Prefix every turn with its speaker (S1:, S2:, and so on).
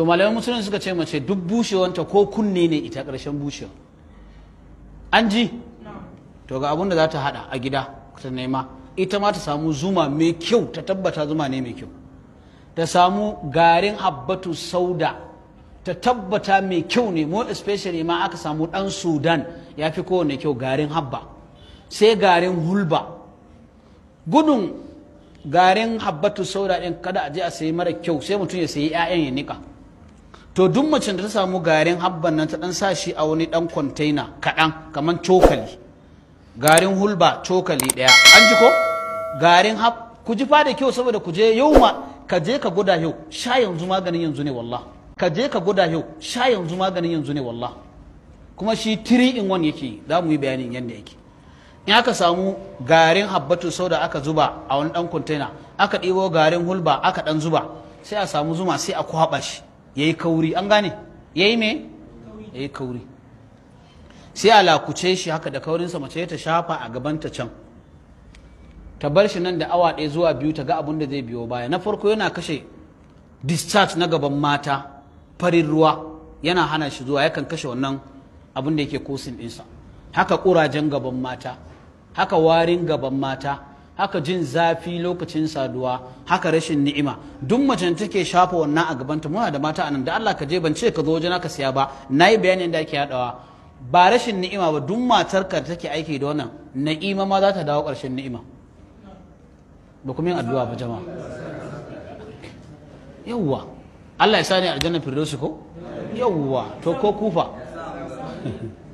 S1: to malaman musulunci suka ce mace duk bushewanta ko kunne ne ita ƙarshen bushewa an ji to ga abin da za ta haɗa a gida ta nema ita ma ta samu zuma mai kyau ta tabbata zuma ne mai kyau ta samu garin habbatu sauda ta tabbata mai kyau ne mo especially ma aka samu dan sudan ya fi kowane kyau garin habba sai garin hulba gudun garin habbatu sauda ɗin kada a je a sayi mara kyau sai mutum ya sayi 'ya'yan ya nika to duk macen da ta samu garin habban nan ta dan sa shi a wani dan container kaɗan kamar cokali garin hulba cokali ɗaya an ji ko garin hab ku ji fa da kyau saboda ku je yau ma ka je ka guda yau sha yanzu maganin yanzu ne wallah ka je ka guda yau sha yanzu maganin yanzu ne wallah kuma shi 3 in 1 yake za mu yi bayanin yadda yake in aka samu garin habbatu sau da aka zuba a wani dan container aka ɗibo garin hulba aka dan zuba sai a samu zuma sai a kwaɓa shi yayi kauri an gane yayi me yayi kauri sai a lakuce shi haka da kaurinsa mace ta shafa a gabanta can ta bar shi nan da awa ɗaya zuwa biyu ta ga abin da zai biyo baya na farko yana kashe discharge na gaban mata farin ruwa yana hana shi zuwa yakan kashe wannan abin da yake kosin ɗinsa haka ƙurajen gaban mata haka warin gaban mata haka jin zafi lokacin saduwa haka rashin ni'ima duk mace macen take shafa wannan a gabanta muna da mata anan da Allah ka je ban ce ka zo wajen ka siya ba nayi bayanin da ake hadawa ba rashin ni'ima ba duk matar ka take aiki da wannan na'ima ma za ta dawo karshen ni'ima ba kuma yin addu'a ba jama'a yawwa Allah ya sani aljanna firdausi ko yawwa to ko kufa